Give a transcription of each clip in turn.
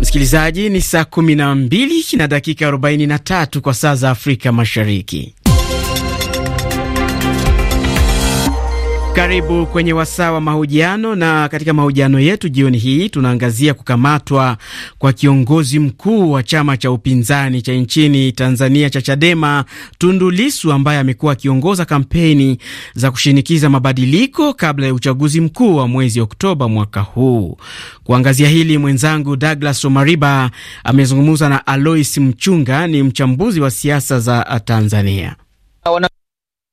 Msikilizaji, ni saa 12 na dakika 43 kwa saa za Afrika Mashariki. Karibu kwenye wasaa wa mahojiano, na katika mahojiano yetu jioni hii tunaangazia kukamatwa kwa kiongozi mkuu wa chama cha upinzani cha nchini Tanzania cha Chadema, Tundu Lissu, ambaye amekuwa akiongoza kampeni za kushinikiza mabadiliko kabla ya uchaguzi mkuu wa mwezi Oktoba mwaka huu. Kuangazia hili, mwenzangu Douglas Omariba amezungumza na Alois Mchunga, ni mchambuzi wa siasa za Tanzania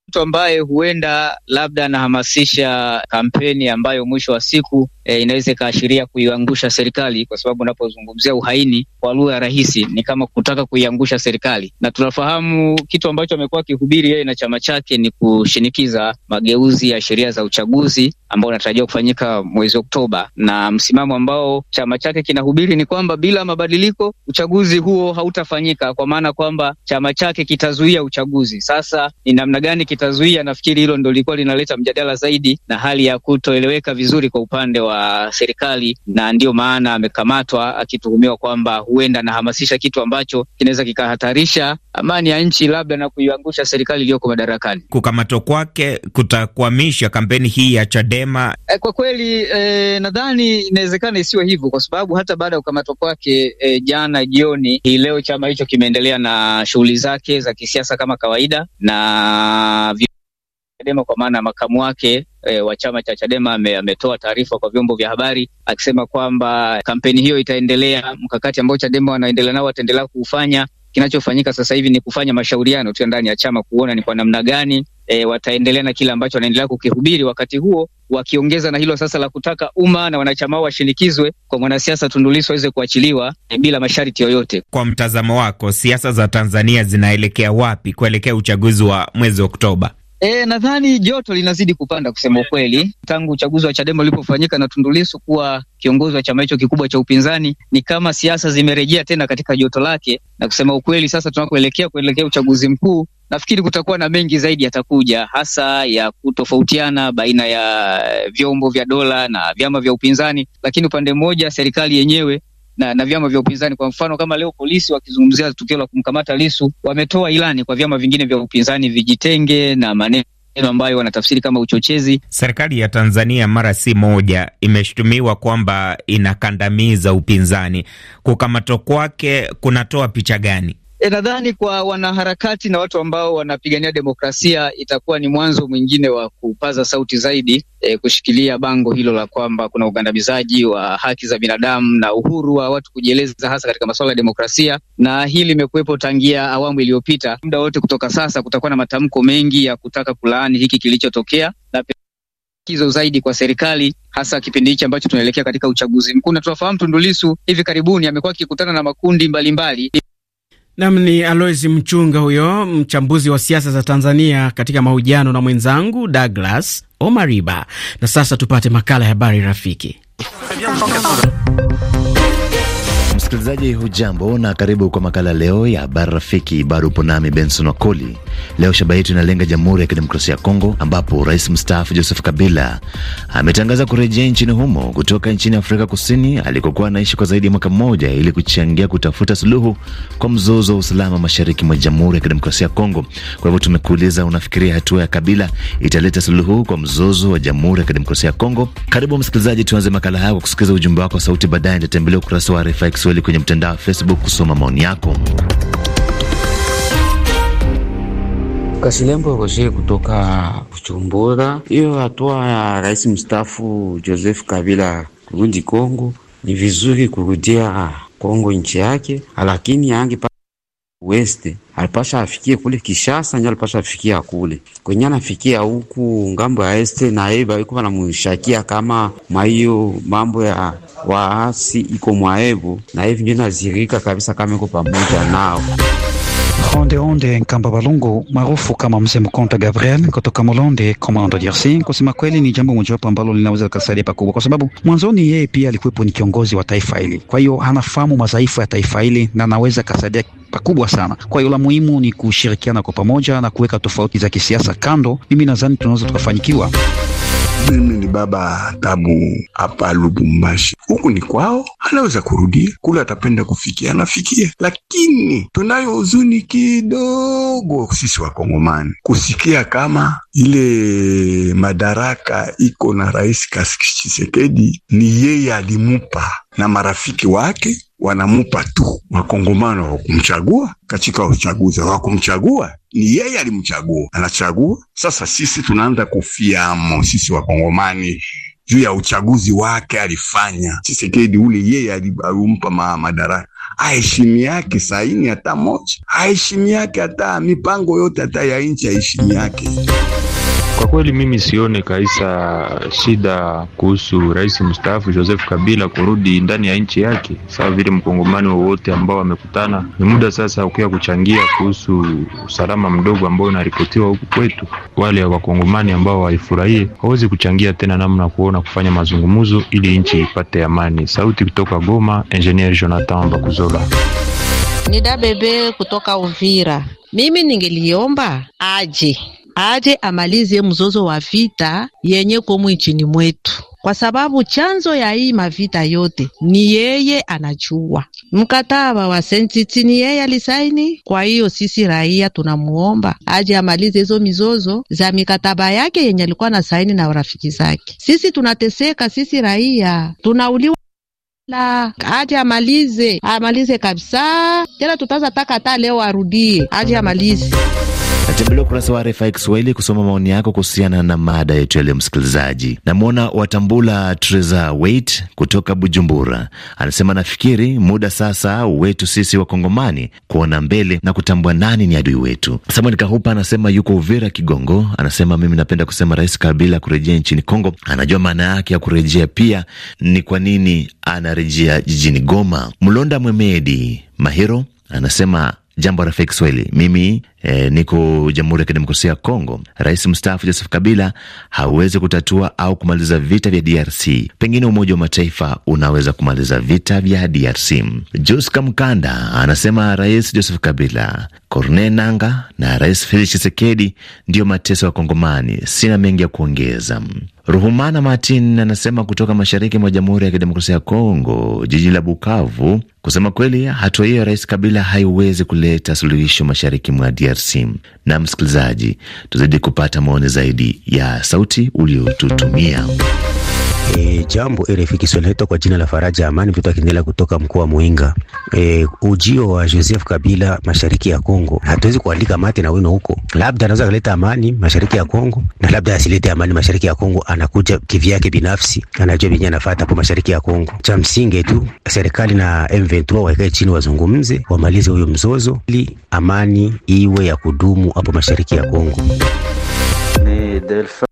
mtu ambaye huenda labda anahamasisha kampeni ambayo mwisho wa siku e, inaweza ikaashiria kuiangusha serikali, kwa sababu unapozungumzia uhaini kwa lugha rahisi ni kama kutaka kuiangusha serikali, na tunafahamu kitu ambacho amekuwa akihubiri yeye na chama chake ni kushinikiza mageuzi ya sheria za uchaguzi ambao unatarajiwa kufanyika mwezi Oktoba, na msimamo ambao chama chake kinahubiri ni kwamba bila mabadiliko uchaguzi huo hautafanyika, kwa maana kwamba chama chake kitazuia uchaguzi. Sasa ni namna gani ukitazuia, nafikiri hilo ndo lilikuwa linaleta mjadala zaidi na hali ya kutoeleweka vizuri kwa upande wa serikali, na ndiyo maana amekamatwa akituhumiwa kwamba huenda anahamasisha kitu ambacho kinaweza kikahatarisha amani ya nchi labda na kuiangusha serikali iliyoko madarakani. Kukamatwa kwake kutakwamisha kampeni hii ya Chadema. E, kwa kweli e, nadhani inawezekana isiwe hivyo, kwa sababu hata baada ya kukamatwa kwake e, jana jioni hii leo chama hicho kimeendelea na shughuli zake za kisiasa kama kawaida na Chadema kwa maana makamu wake e, wa chama cha Chadema ametoa taarifa kwa vyombo vya habari akisema kwamba kampeni hiyo itaendelea, mkakati ambao Chadema wanaendelea nao wataendelea kuufanya. Kinachofanyika sasa hivi ni kufanya mashauriano tu ndani ya chama kuona ni kwa namna gani E, wataendelea na kile ambacho wanaendelea kukihubiri, wakati huo wakiongeza na hilo sasa la kutaka umma na wanachama wao washinikizwe kwa mwanasiasa Tundu Lissu aweze kuachiliwa e, bila masharti yoyote. Kwa mtazamo wako, siasa za Tanzania zinaelekea wapi kuelekea uchaguzi wa mwezi Oktoba? E, nadhani joto linazidi kupanda kusema ukweli, tangu uchaguzi wa Chadema ulipofanyika na Tundu Lissu kuwa kiongozi wa chama hicho kikubwa cha upinzani, ni kama siasa zimerejea tena katika joto lake, na kusema ukweli, sasa tunakoelekea kuelekea uchaguzi mkuu, nafikiri kutakuwa na mengi zaidi yatakuja, hasa ya kutofautiana baina ya vyombo vya dola na vyama vya upinzani, lakini upande mmoja serikali yenyewe na, na vyama vya upinzani. Kwa mfano kama leo polisi wakizungumzia tukio la kumkamata Lisu, wametoa ilani kwa vyama vingine vya upinzani vijitenge na maneno ambayo wanatafsiri kama uchochezi. Serikali ya Tanzania mara si moja imeshutumiwa kwamba inakandamiza upinzani. Kukamatwa kwake kunatoa picha gani? E, nadhani kwa wanaharakati na watu ambao wanapigania demokrasia itakuwa ni mwanzo mwingine wa kupaza sauti zaidi, e, kushikilia bango hilo la kwamba kuna ugandamizaji wa haki za binadamu na uhuru wa watu kujieleza hasa katika masuala ya demokrasia, na hili limekuwepo tangia awamu iliyopita. Muda wote kutoka sasa kutakuwa na matamko mengi ya kutaka kulaani hiki kilichotokea na kizo zaidi kwa serikali hasa kipindi hichi ambacho tunaelekea katika uchaguzi mkuu, na tunafahamu Tundu Lissu hivi karibuni amekuwa akikutana na makundi mbalimbali mbali. Nam ni Alois Mchunga huyo mchambuzi wa siasa za Tanzania katika mahojiano na mwenzangu Douglas Omariba. Na sasa tupate makala ya habari rafiki Msikilizaji hujambo na karibu kwa makala leo ya habari rafiki. Bado upo nami Benson Wakoli. Leo shabaha yetu inalenga Jamhuri ya Kidemokrasia ya Kongo, ambapo rais mstaafu Joseph Kabila ametangaza kurejea nchini humo kutoka nchini Afrika Kusini alikokuwa anaishi kwa zaidi ya mwaka mmoja, ili kuchangia kutafuta suluhu kwa mzozo wa usalama mashariki mwa Jamhuri ya Kidemokrasia ya Kongo. Kwa hivyo tumekuuliza, unafikiria hatua ya Kabila italeta suluhu kwa mzozo wa Jamhuri ya Kidemokrasia ya Kongo? Karibu msikilizaji, tuanze makala haya kwa kusikiliza ujumbe wako wa sauti. Baadaye nitatembelea ukurasa wa RFI Kiswahili swali kwenye mtandao wa Facebook kusoma maoni yako. Kasilembo Roger kutoka Bujumbura. Hiyo hatua ya rais mstaafu Joseph Kabila kurudi Kongo ni vizuri, kurudia Kongo nchi yake, lakini ange weste alipasha afikie kule Kishasa, nyo alipasha afikia kule kwenye anafikia huku ngambo ya este, na yeye bali kwa namushakia kama maiyo mambo ya waasi iko mwaebu, na hivi ndio nazirika kabisa kama iko pamoja nao. Onde onde Nkamba Balungu maarufu kama Mzee Mkonta Gabriel kutoka Molonde Komando DRC. Kusema kweli, ni jambo mojawapo ambalo linaweza likasaidia pakubwa, kwa sababu mwanzoni yeye pia alikuwepo ni kiongozi wa taifa hili, kwa hiyo anafahamu madhaifu ya taifa hili na anaweza kasaidia pakubwa sana. Kwa hiyo la muhimu ni kushirikiana kwa pamoja na kuweka tofauti za kisiasa kando. Mimi nadhani tunaweza tukafanyikiwa. Mimi ni baba Tabu hapa Lubumbashi, huku ni kwao, anaweza kurudia kule, atapenda kufikia anafikia, lakini tunayo huzuni kidogo sisi Wakongomani kusikia kama ile madaraka iko na rais chisekedi ni yeye alimupa, na marafiki wake wanamupa tu. Wakongomano kumchagua katika uchaguzi, kumchagua, ni yeye alimchagua, anachagua sasa. Sisi tunaanza kufiamo sisi wakongomani juu ya uchaguzi wake alifanya chisekedi ule, yeye alimpa madaraka aheshimi yake saini hata moja, aheshimi yake hata mipango yote hata ya nchi aheshimi yake. Kwa kweli mimi sione kabisa shida kuhusu rais mstaafu Joseph Kabila kurudi ndani ya nchi yake, sawa vile mkongomani wowote ambao wamekutana. Ni muda sasa ukiwa kuchangia kuhusu usalama mdogo ambao unaripotiwa huku kwetu. Wale wakongomani ambao waifurahie hawezi kuchangia tena namna kuona kufanya mazungumzo ili nchi ipate amani. Sauti kutoka Goma, Engineer Jonathan Bakuzola. Nida bebe kutoka Uvira. Mimi ningeliomba aje aje amalize mzozo wa vita yenye komu nchini mwetu, kwa sababu chanzo ya hii mavita yote ni yeye anajua. Mkataba wa sentiti ni yeye alisaini. Kwa hiyo sisi raia tunamuomba aje amalize hizo mizozo za mikataba yake yenye alikuwa na saini na rafiki zake. Sisi tunateseka, sisi raia tunauliwa la aje amalize, amalize kabisa. Tena tutaza taka hata leo arudie, aje amalize. Tembelea ukurasa wa RFI Kiswahili kusoma maoni yako kuhusiana na mada yetu yaliyo Msikilizaji, namwona Watambula Treza Wait kutoka Bujumbura, anasema nafikiri muda sasa wetu sisi Wakongomani kuona mbele na kutambua nani ni adui wetu. Samuel Kahupa anasema yuko Uvira Kigongo, anasema mimi napenda kusema Rais Kabila kurejea nchini Kongo, anajua maana yake ya kurejea, pia ni kwa nini anarejea jijini Goma. Mlonda Mwemedi Mahiro anasema Jambo rafiki Kiswahili, mimi e, niko Jamhuri ya Kidemokrasia ya Kongo. Rais mstaafu Joseph Kabila hawezi kutatua au kumaliza vita vya DRC. Pengine Umoja wa Mataifa unaweza kumaliza vita vya DRC. Joska Mkanda anasema Rais Joseph Kabila Corne Nanga na Rais Felix chisekedi ndiyo mateso ya Kongomani. Sina mengi ya kuongeza. Ruhumana Martin anasema kutoka mashariki mwa Jamhuri ya Kidemokrasia ya Kongo, jiji la Bukavu. Kusema kweli, hatua hiyo ya Rais Kabila haiwezi kuleta suluhisho mashariki mwa DRC. Na msikilizaji, tuzidi kupata maoni zaidi ya sauti uliotutumia. E, jambo eh, RFI Kiswahili, naitwa kwa jina la Faraja Amani, mtoto akiendelea kutoka mkoa wa Muinga. E, eh, ujio wa Joseph Kabila mashariki ya Kongo, hatuwezi kualika mate na wino huko, labda anaweza kuleta amani mashariki ya Kongo na labda asilete amani mashariki ya Kongo, anakuja kivyake binafsi, anajua binafsi anafuata hapo mashariki ya Kongo. Cha msingi tu serikali na M23 waikae chini, wazungumze, wamalize huyo mzozo ili amani iwe ya kudumu hapo mashariki ya Kongo. Ni Delfa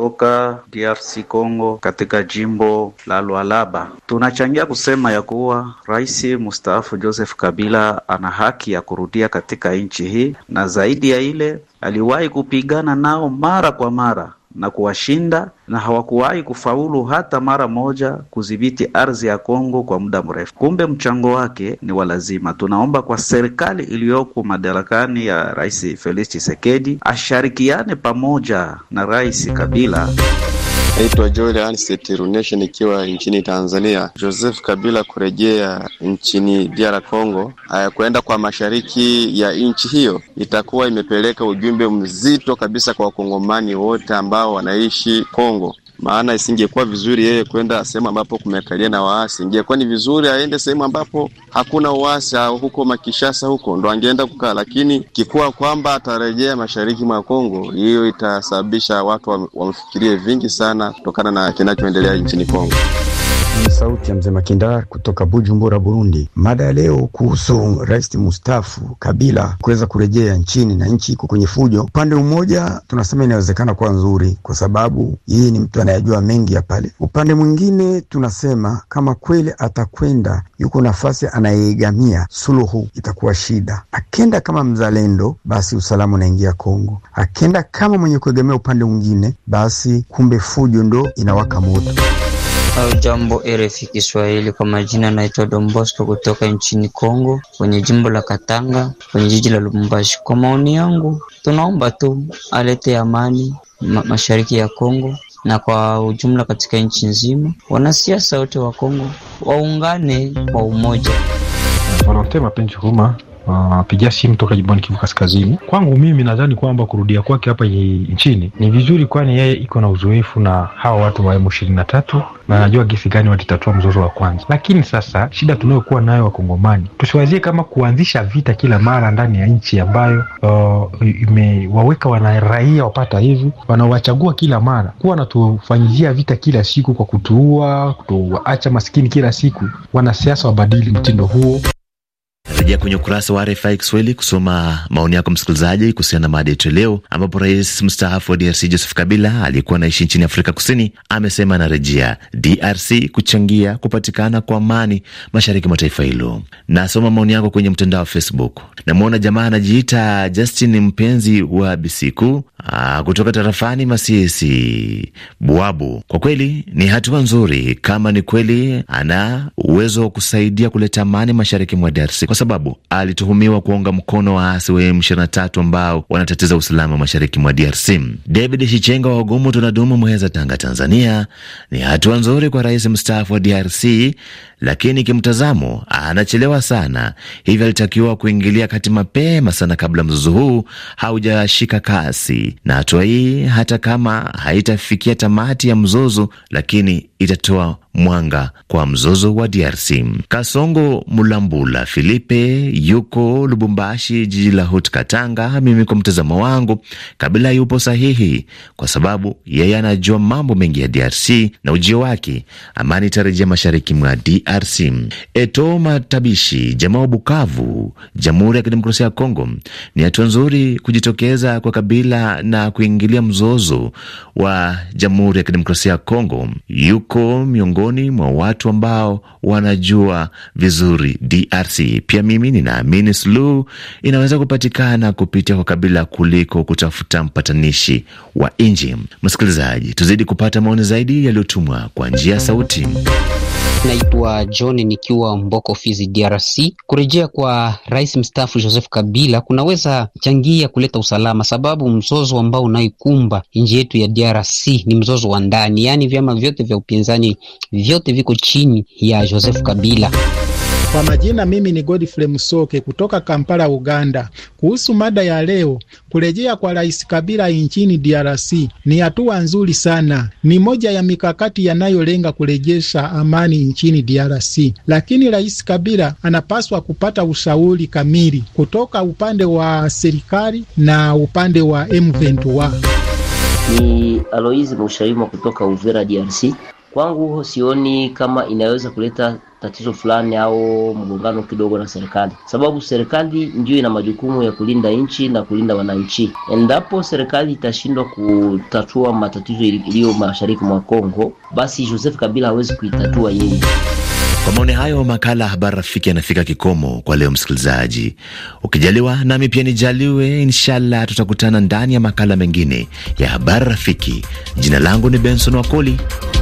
toka DRC Congo katika jimbo la Lualaba. Tunachangia kusema ya kuwa rais mustaafu Joseph Kabila ana haki ya kurudia katika nchi hii, na zaidi ya ile aliwahi kupigana nao mara kwa mara na kuwashinda na hawakuwahi kufaulu hata mara moja kudhibiti ardhi ya Kongo kwa muda mrefu. Kumbe mchango wake ni wa lazima. Tunaomba kwa serikali iliyoko madarakani ya Rais Felix Tshisekedi ashirikiane pamoja na Rais Kabila. Naitwa Joel Runesha nikiwa nchini Tanzania. Joseph Kabila kurejea nchini DR Congo, haya kuenda kwa mashariki ya nchi hiyo itakuwa imepeleka ujumbe mzito kabisa kwa wakongomani wote ambao wanaishi congo maana isingekuwa vizuri yeye kwenda sehemu ambapo kumekalia na waasi. Ingekuwa ni vizuri aende sehemu ambapo hakuna uasi, huko Makishasa, huko ndo angeenda kukaa, lakini kikuwa kwamba atarejea mashariki mwa Kongo, hiyo itasababisha watu wamfikirie vingi sana kutokana na kinachoendelea nchini Kongo. Ni sauti ya mzee Makindar kutoka Bujumbura, Burundi. Mada ya leo kuhusu rais mustafu Kabila kuweza kurejea nchini na nchi iko kwenye fujo. Upande mmoja tunasema inawezekana kuwa nzuri, kwa sababu yeye ni mtu anayejua mengi ya pale. Upande mwingine tunasema kama kweli atakwenda, yuko nafasi anayeegamia, suluhu itakuwa shida. Akenda kama mzalendo, basi usalama unaingia Kongo. Akenda kama mwenye kuegemea upande mwingine, basi kumbe fujo ndo inawaka moto jambo RFI Kiswahili, kwa majina naitwa Don Bosco kutoka nchini Kongo, kwenye jimbo la Katanga, kwenye jiji la Lubumbashi. Kwa maoni yangu, tunaomba tu alete amani ma mashariki ya Kongo na kwa ujumla katika nchi nzima. Wanasiasa wote wa Kongo waungane kwa umoja. Wanaotema Mapenzi huma wapiga ah, uh, simu toka jimboni Kivu Kaskazini. Kwangu mimi nadhani kwamba kurudia kwake hapa nchini ni vizuri, kwani yeye iko na uzoefu na hawa watu wa M23 na anajua gesi gani watitatua mzozo wa kwanza. Lakini sasa shida tunayokuwa nayo Wakongomani, tusiwazie kama kuanzisha vita kila mara ndani ya nchi ambayo uh, imewaweka wanaraia wapata hivi wanawachagua kila mara kuwa wanatufanyizia vita kila siku kwa kutuua, kutuacha maskini kila siku. Wanasiasa wabadili mtindo huo. Rejea kwenye ukurasa wa RFI Kiswahili kusoma maoni yako msikilizaji, kuhusiana na mada yetu leo, ambapo rais mstaafu wa DRC Joseph Kabila aliyekuwa anaishi nchini Afrika Kusini amesema anarejea DRC kuchangia kupatikana kwa amani mashariki mwa taifa hilo. Nasoma maoni yako kwenye mtandao wa Facebook. Namwona jamaa anajiita Justin mpenzi wa Bisiku Aa, ah, kutoka tarafani Masisi Buabu. Kwa kweli ni hatua nzuri, kama ni kweli ana uwezo wa kusaidia kuleta amani mashariki mwa DRC kwa sababu alituhumiwa kuunga mkono waasi wa M23 ambao wanatatiza usalama mashariki mwa DRC. David Shichenga wa Ugumu tunadumu Mweza, Tanga, Tanzania. Ni hatua nzuri kwa rais mstaafu wa DRC, lakini kimtazamo anachelewa sana, hivyo alitakiwa kuingilia kati mapema sana kabla mzozo huu haujashika kasi, na hatua hii hata kama haitafikia tamati ya mzozo, lakini itatoa mwanga kwa mzozo wa DRC. Kasongo Mulambula Filipe yuko Lubumbashi, jiji la Hut Katanga. Mimi kwa mtazamo wangu, Kabila yupo sahihi kwa sababu yeye anajua mambo mengi ya DRC na ujio wake amani tarajia mashariki mwa DRC. Eto Matabishi jamaa wa Bukavu, Jamhuri ya Kidemokrasia ya Kongo, ni hatua nzuri kujitokeza kwa Kabila na kuingilia mzozo wa Jamhuri ya Kidemokrasia ya Kongo. Yuko miongoni miongoni mwa watu ambao wanajua vizuri DRC. Pia mimi ninaamini suluhu inaweza kupatikana kupitia kwa kabila kuliko kutafuta mpatanishi wa nji Msikilizaji, tuzidi kupata maoni zaidi yaliyotumwa kwa njia ya sauti. Naitwa John nikiwa Mboko, Fizi, DRC. Kurejea kwa rais mstaafu Joseph Kabila kunaweza changia kuleta usalama, sababu mzozo ambao unaikumba nchi yetu ya DRC ni mzozo wa ndani, yaani vyama vyote vya upinzani vyote viko chini ya Joseph Kabila. Kwa majina mimi ni Godfrey Musoke kutoka Kampala, Uganda. Kuhusu mada ya leo, kurejea kwa Rais Kabila nchini DRC ni hatua nzuri sana, ni moja ya mikakati yanayolenga kurejesha amani nchini DRC, lakini Rais Kabila anapaswa kupata ushauri kamili kutoka upande wa serikali na upande wa M23. Ni Aloisi Mushaimo kutoka Uvira, DRC kwangu sioni kama inaweza kuleta tatizo fulani au mgongano kidogo na serikali, sababu serikali ndiyo ina majukumu ya kulinda nchi na kulinda wananchi. Endapo serikali itashindwa kutatua matatizo iliyo mashariki mwa Kongo, basi Joseph Kabila hawezi kuitatua yeye. Kwa maoni hayo, makala ya Habari Rafiki yanafika kikomo kwa leo. Msikilizaji, ukijaliwa nami pia nijaliwe, inshallah tutakutana ndani ya makala mengine ya Habari Rafiki. Jina langu ni Benson Wakoli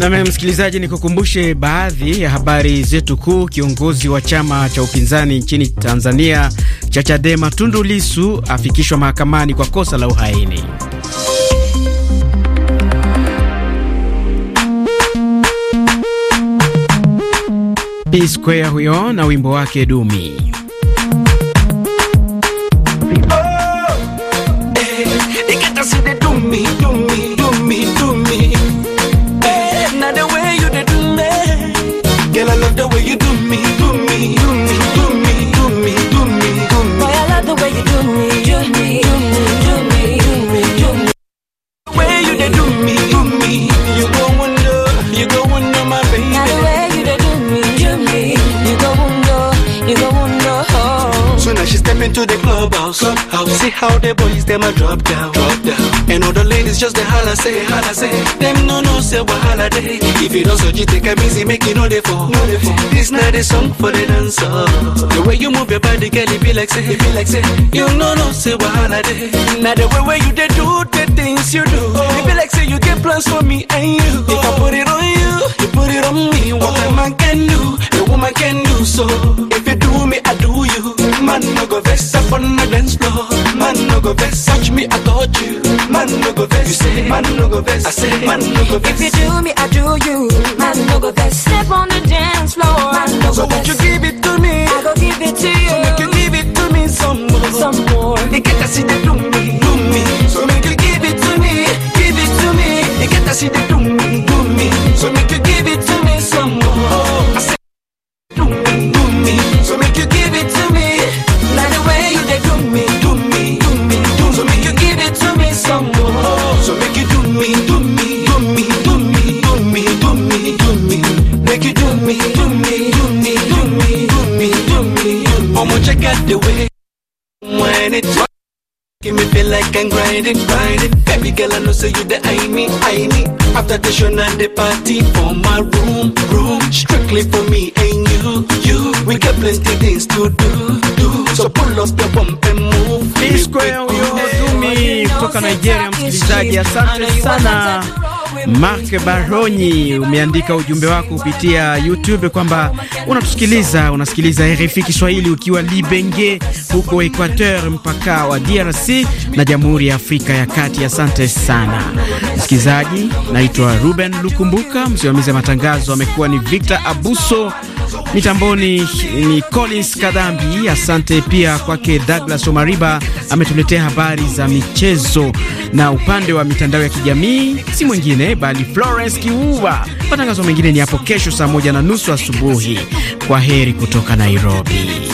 Nam msikilizaji, ni kukumbushe baadhi ya habari zetu kuu. Kiongozi wa chama cha upinzani nchini Tanzania cha Chadema Tundu Lisu afikishwa mahakamani kwa kosa la uhaini. P Square huyo na wimbo wake Dumi. the way you do me, do me, do me, do me, do me, do me, Boy, I love the way you do me, do me, do me, do me, do me, do me. The way you dey do me, do me. You go under, you go under my baby. Now the way you dey do me, do me. You go under, you go under. Oh. So now she step into the clubhouse, clubhouse. See how they them a drop down, drop down. And all the ladies just the holla say, holla say. Them no no say wahala holiday. If you don't so you take a busy, make it all day for. No day This not a song for the dancer. The way you move your body, girl, it be like say, it be like say. You no no say wahala holiday. Now the way where you they do the things you do, oh. it be like say you get plans for me and you. Oh. If I put it on you, you put it on me. What oh. a man can do, a woman can do so. If you do me Man no go vex up on the dance floor. Man no go vex. Touch me, I touch you. Man no go vex. You say man no go vex. I say man no go vex. If you do me, I do you. Man no go vex. Step on the dance floor. Man no go vex. So what you give? got the way when it Give me feel like I'm grinding, grinding. Baby girl, I know say so you the I me, I me. After the show, not the party for my room, room. Strictly for me and you, you. We got plenty things to do, do. So pull up your bump and move. Disco ya huyo Dumi kutoka Nigeria, msikilizaji, asante sana. Mark Baroni umeandika ujumbe wako kupitia YouTube kwamba unatusikiliza, unasikiliza RFI Kiswahili ukiwa Libenge huko Equateur, mpaka wa DRC na Jamhuri ya Afrika ya Kati. Asante sana msikilizaji. Naitwa Ruben Lukumbuka, msimamizi wa matangazo amekuwa ni Victor Abuso. Mitamboni ni Collins kadambi asante pia kwake. Douglas Omariba ametuletea habari za michezo, na upande wa mitandao ya kijamii si mwingine bali Florence Kiuva. Matangazo mengine ni hapo kesho saa moja na nusu asubuhi. Kwa heri kutoka Nairobi.